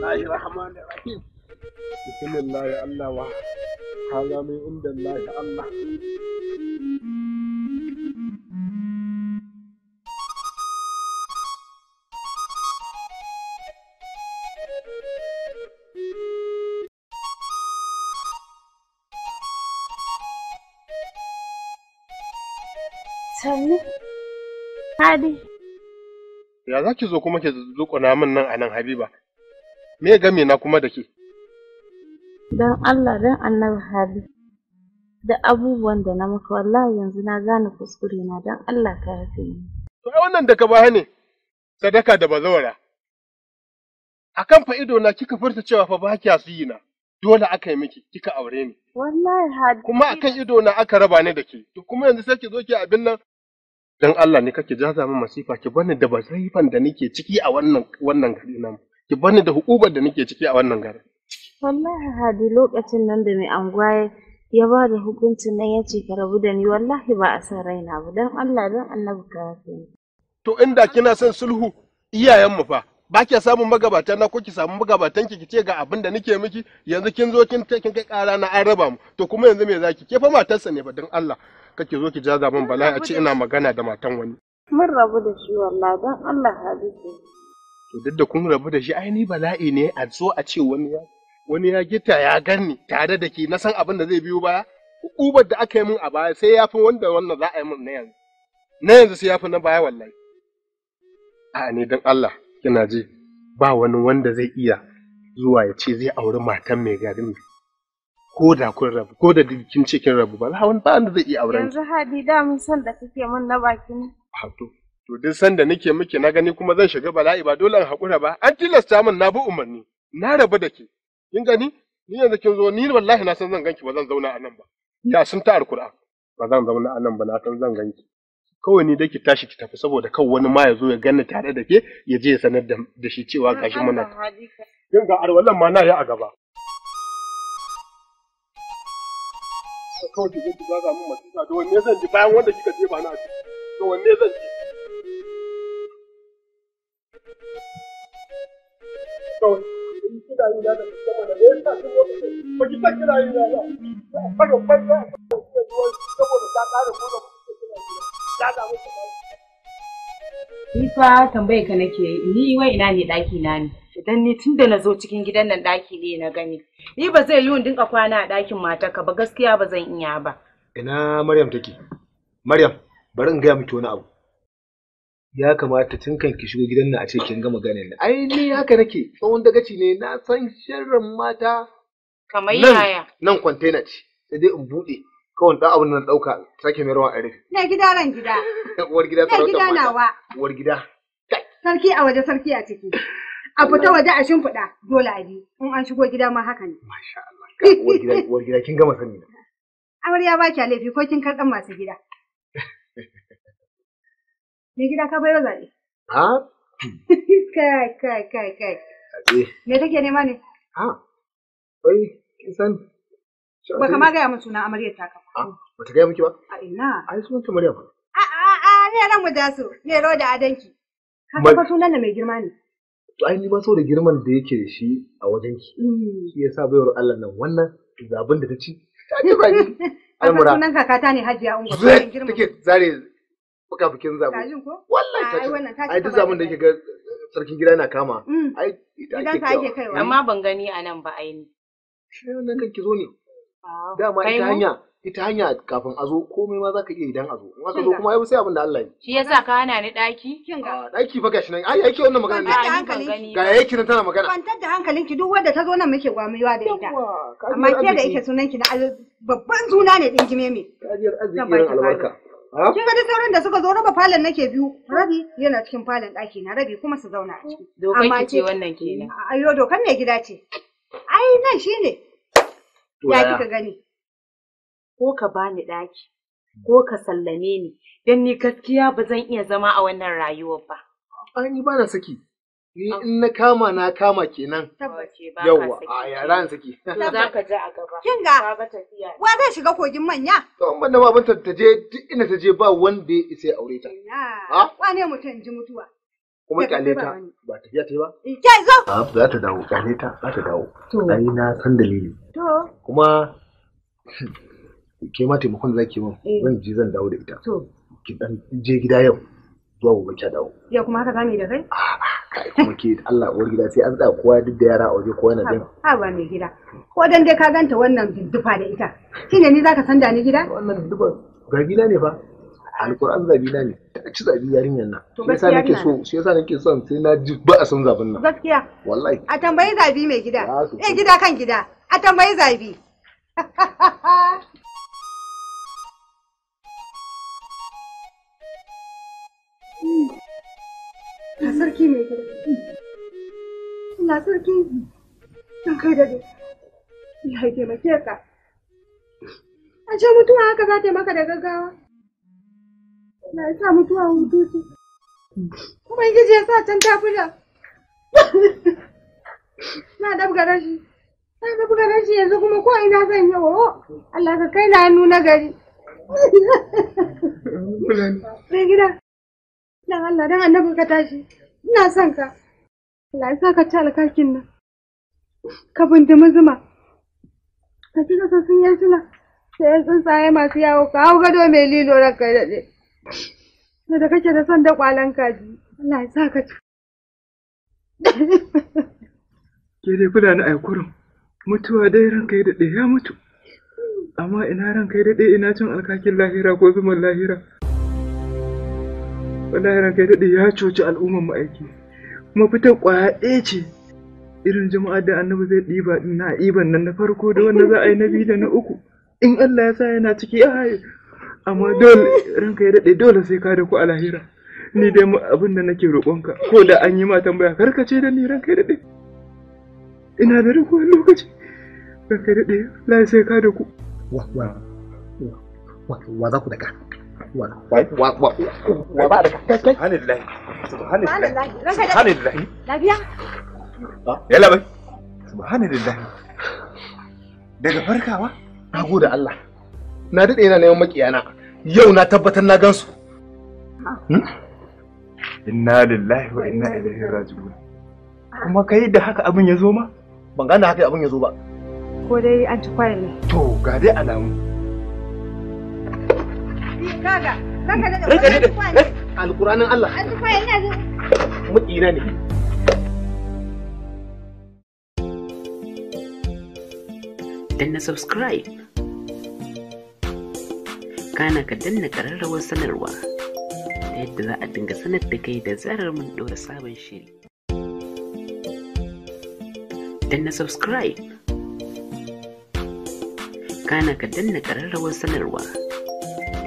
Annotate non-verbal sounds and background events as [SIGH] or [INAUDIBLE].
Allah rahman rahim bismillah Allah wa hada min inda Allah Ya za zo kuma ki zuƙuna min nan a nan Habiba. me game na kuma da ke don Allah don annabi hali da abubuwan da na maka wallahi yanzu na gane kuskure na don Allah ka yafe ni to ai wannan ka ba ne sadaka da bazawara akan fa ido na kika furta cewa fa ba kiya su yi na dole aka yi miki kika aure ni wallahi hali kuma akan ido na aka raba ni da ke to kuma yanzu sai ki zo ki abin nan dan Allah ne kake jaza min masifa ki bani da bazifan da nake ciki a wannan wannan gari nan ki bani da hukubar da nake ciki a wannan garin wallahi hadi lokacin nan da mai angwaye ya ba da hukuncin nan ya ce ka rabu da ni wallahi ba a san raina ba don Allah don annabi ka yafe to inda kina son sulhu iyayen mu fa ba kya samun magabata na ko ki samu magabatan ki ce ga abin da nake miki yanzu kin zo kin kai kara na an raba mu to kuma yanzu me zaki ke fa matarsa ne ba don Allah kake zo ki jaza min bala'i a ce ina magana da matan wani mun rabu da shi wallahi don Allah hadisi to duk da kun rabu da shi ainihin bala'i ne a zo a ce wani ya wani ya gita ya ganni tare da ke na san abin da zai biyo baya ubar da aka yi min a baya sai ya fi wanda wannan za a yi min na yanzu na yanzu sai ya fi na baya wallahi a ne don Allah kina ji ba wani wanda zai iya zuwa ya ce zai auri matan mai garin ko da kun rabu ko da kin ce kin rabu ba wani ba wanda zai iya auren yanzu hadi da mun san da kake min na bakin to to duk sanda nake miki na gani kuma zan shiga bala'i ba dole in haƙura ba an tilasta min na bi umarni na rabu da ke kin gani ni yanzu kin zo ni wallahi na san zan ganki ba zan zauna a nan ba ya sun ta alkur'an ba zan zauna a nan ba na san zan ganki kawai ni dai ki tashi ki tafi saboda kan wani ma ya zo ya ganni tare da ke ya je ya sanar da shi cewa gashi muna kin ga arwallan ma na yi a gaba kawai ki zo ki za mu masifa da wanne zan ji bayan wanda kika je ba na to wanne zan ji kawai in kina yi da wata yi ba ba ga ban saboda ta kare ta ni ka nake ni wai ina ne daki na ne idan ni da na zo cikin gidan nan daki ne na gani ni ba zai yi dinka kwana a dakin matarka ba gaskiya ba zan iya ba ina maryam take maryam bari in gaya miki wani abu ya kamata tun kan ki shigo gidan nan a ce kin gama ganin nan ai ni haka nake tsohon dagaci ne na san shirin mata kamar yaya nan container ce sai dai in bude kawai dan abin nan dauka sake mai rawan a rufe na gida ran gida [LAUGHS] uwar gida ta gida nawa uwar gida sarki a waje sarki a ciki a fita waje a shimfiɗa dole a bi in an shigo gida ma haka ne masha Allah uwar gida [LAUGHS] uwar gida kin gama sani na amarya ba ki laifi ko kin karɗan masu gida [LAUGHS] Me gida ka bai zaɓe. Ha? [LAUGHS] Kai kai kai kai. Me kake nema ne? Ha? Wai kin san Ba ka ma gaya min sunan Amarya ta kafa. A ba ta gaya miki ba? A ina. Ai sunan ta Maryam. A a a ne nan mu da su ne ro da adanki. Ka kafa sunan da mai girma ne. To ai ni ma so da girman da yake da shi a wajen ki. Mm. Shi yasa bai baiwar Allah nan wannan zabin da ta ci. Ta ne ba ni. [LAUGHS] Ai mura. Sunan kakata ne Hajiya Ungo. Zai take zare muka bikin zamu wallahi ta ce, ai duk zamun da yake ga sarkin gida na kama mm. ai ita ake kaiwa amma ban gani a nan ba ai shi nan kan ki zo ne dama ita hanya ita hanya kafin a zo komai ma zaka iya idan a zo in aka zo kuma ai sai abin da Allah ya shi yasa ka hana ni daki kin ga daki fa gashi nan ai yake wannan magana ne hankali ga yake nan tana magana kwantar da hankalinki duk wanda ta zo nan muke gwamiwa da ita amma ke da yake sunanki na babban suna ne din jime me kajiyar arziki albarka Kin ga sauran da suka zo raba falon nake biyu, rabi yana cikin falon ɗaki na rabi kuma su zauna a ciki. Dokan ki ce wannan kenan. Ayo dokan ne gida ce. Ai nan shine. Ya kika gani. Ko ka bani ɗaki, ko ka sallame ni, don ni gaskiya ba zan iya zama a wannan rayuwar ba. Ai ni ba na saki. Ni in na kama na kama kenan. yawa a yara in saki. Za ka je a gaba. Kin ga wa zai shiga kogin manya. To ban da ma ta je duk ina ta je ba wanda ya isa ya aure ta. Ha? ne mutum ji mutuwa? Kuma kyale ta ba tafiya ta yi ba? Eh, ke zo. Za ta dawo kyale ta za ta dawo. Ai na san dalili. To. Kuma ke ma taimakon zaki min eh. zan je zan dawo da ita. To. Ki dan je gida yau zuwa gobe kya dawo. Ya kuma haka zamu da kai? Ah, kuma ke Allah uwar gida sai an tsaya kowa duk da yara a waje kowa na jin ha ba mai gida ko dan dai ka ganta wannan duddufa da ita shine ni zaka san da ni gida wannan duddufa gabila ne ba? alkur'an zabila ne ta ci zabi yarinyar nan to ya nake so shi yasa nake son sai na ji ba a san zabin nan gaskiya wallahi a tambayi zabi mai gida eh gida kan gida a tambayi zabi [LAUGHS] na sarki mai karfi na sarki da ya yi taimake ka a ce mutuwa haka za ta maka da gaggawa na ya sa mutuwa hutu ce ubangiji ya sa can ta fula na dabga rashi na dabga rashi yanzu kuma oh, ka kai gari Allah dan annabi ka tashi ina son ka Allah ya ka ci alkakin nan ka bindimi zuma ka ci sa sun yi suna sai tsuntsaye masu yawo ka hau gado mai lilo ran kai daɗe da kake da son da kwalan kaji Allah ya ka ci ke dai kuna ni aikurin mutuwa dai ran kai daɗe ya mutu amma ina ran kai daɗe ina cin alkakin lahira ko zuman lahira wallahi ranka daɗe ya coci al'ummar mu aiki kuma fitar ƙwaya ɗaya ce irin jama'a da annabi zai ɗiba na iban nan na farko da wanda za a yi na biyu da na uku in Allah ya sa yana ciki ya haye amma dole ranka ya daɗe dole sai ka da ku a lahira ni dai abin da nake roƙonka ko da an yi ma tambaya karkace da ni ranka ya daɗe ina da rikuwar lokaci ranka ya daɗe lai sai ka da ku wa wa wa za ku daga wa ba da kai subhanallahi subhanallahi subhanallahi lafiya yalla bai subhanallahi daga farkawa na gode Allah na daɗe yana neman makiyana yau na tabbatar na gansu inna lillahi wa inna ilaihi raji'un kuma kai da haka abin ya zo ma ban gane haka abin ya zo ba ko dai an ci kwaya ne to ga dai alamu Kaga, zaka da da Alƙur'anin Allah. Mukina ne. Danna subscribe. Kana ka danna ƙararrawar sanarwa ta yadda za a dinga sanar da kai da zarar mun ɗora sabon shiri. Danna subscribe. Kana ka danna ƙararrawar sanarwa.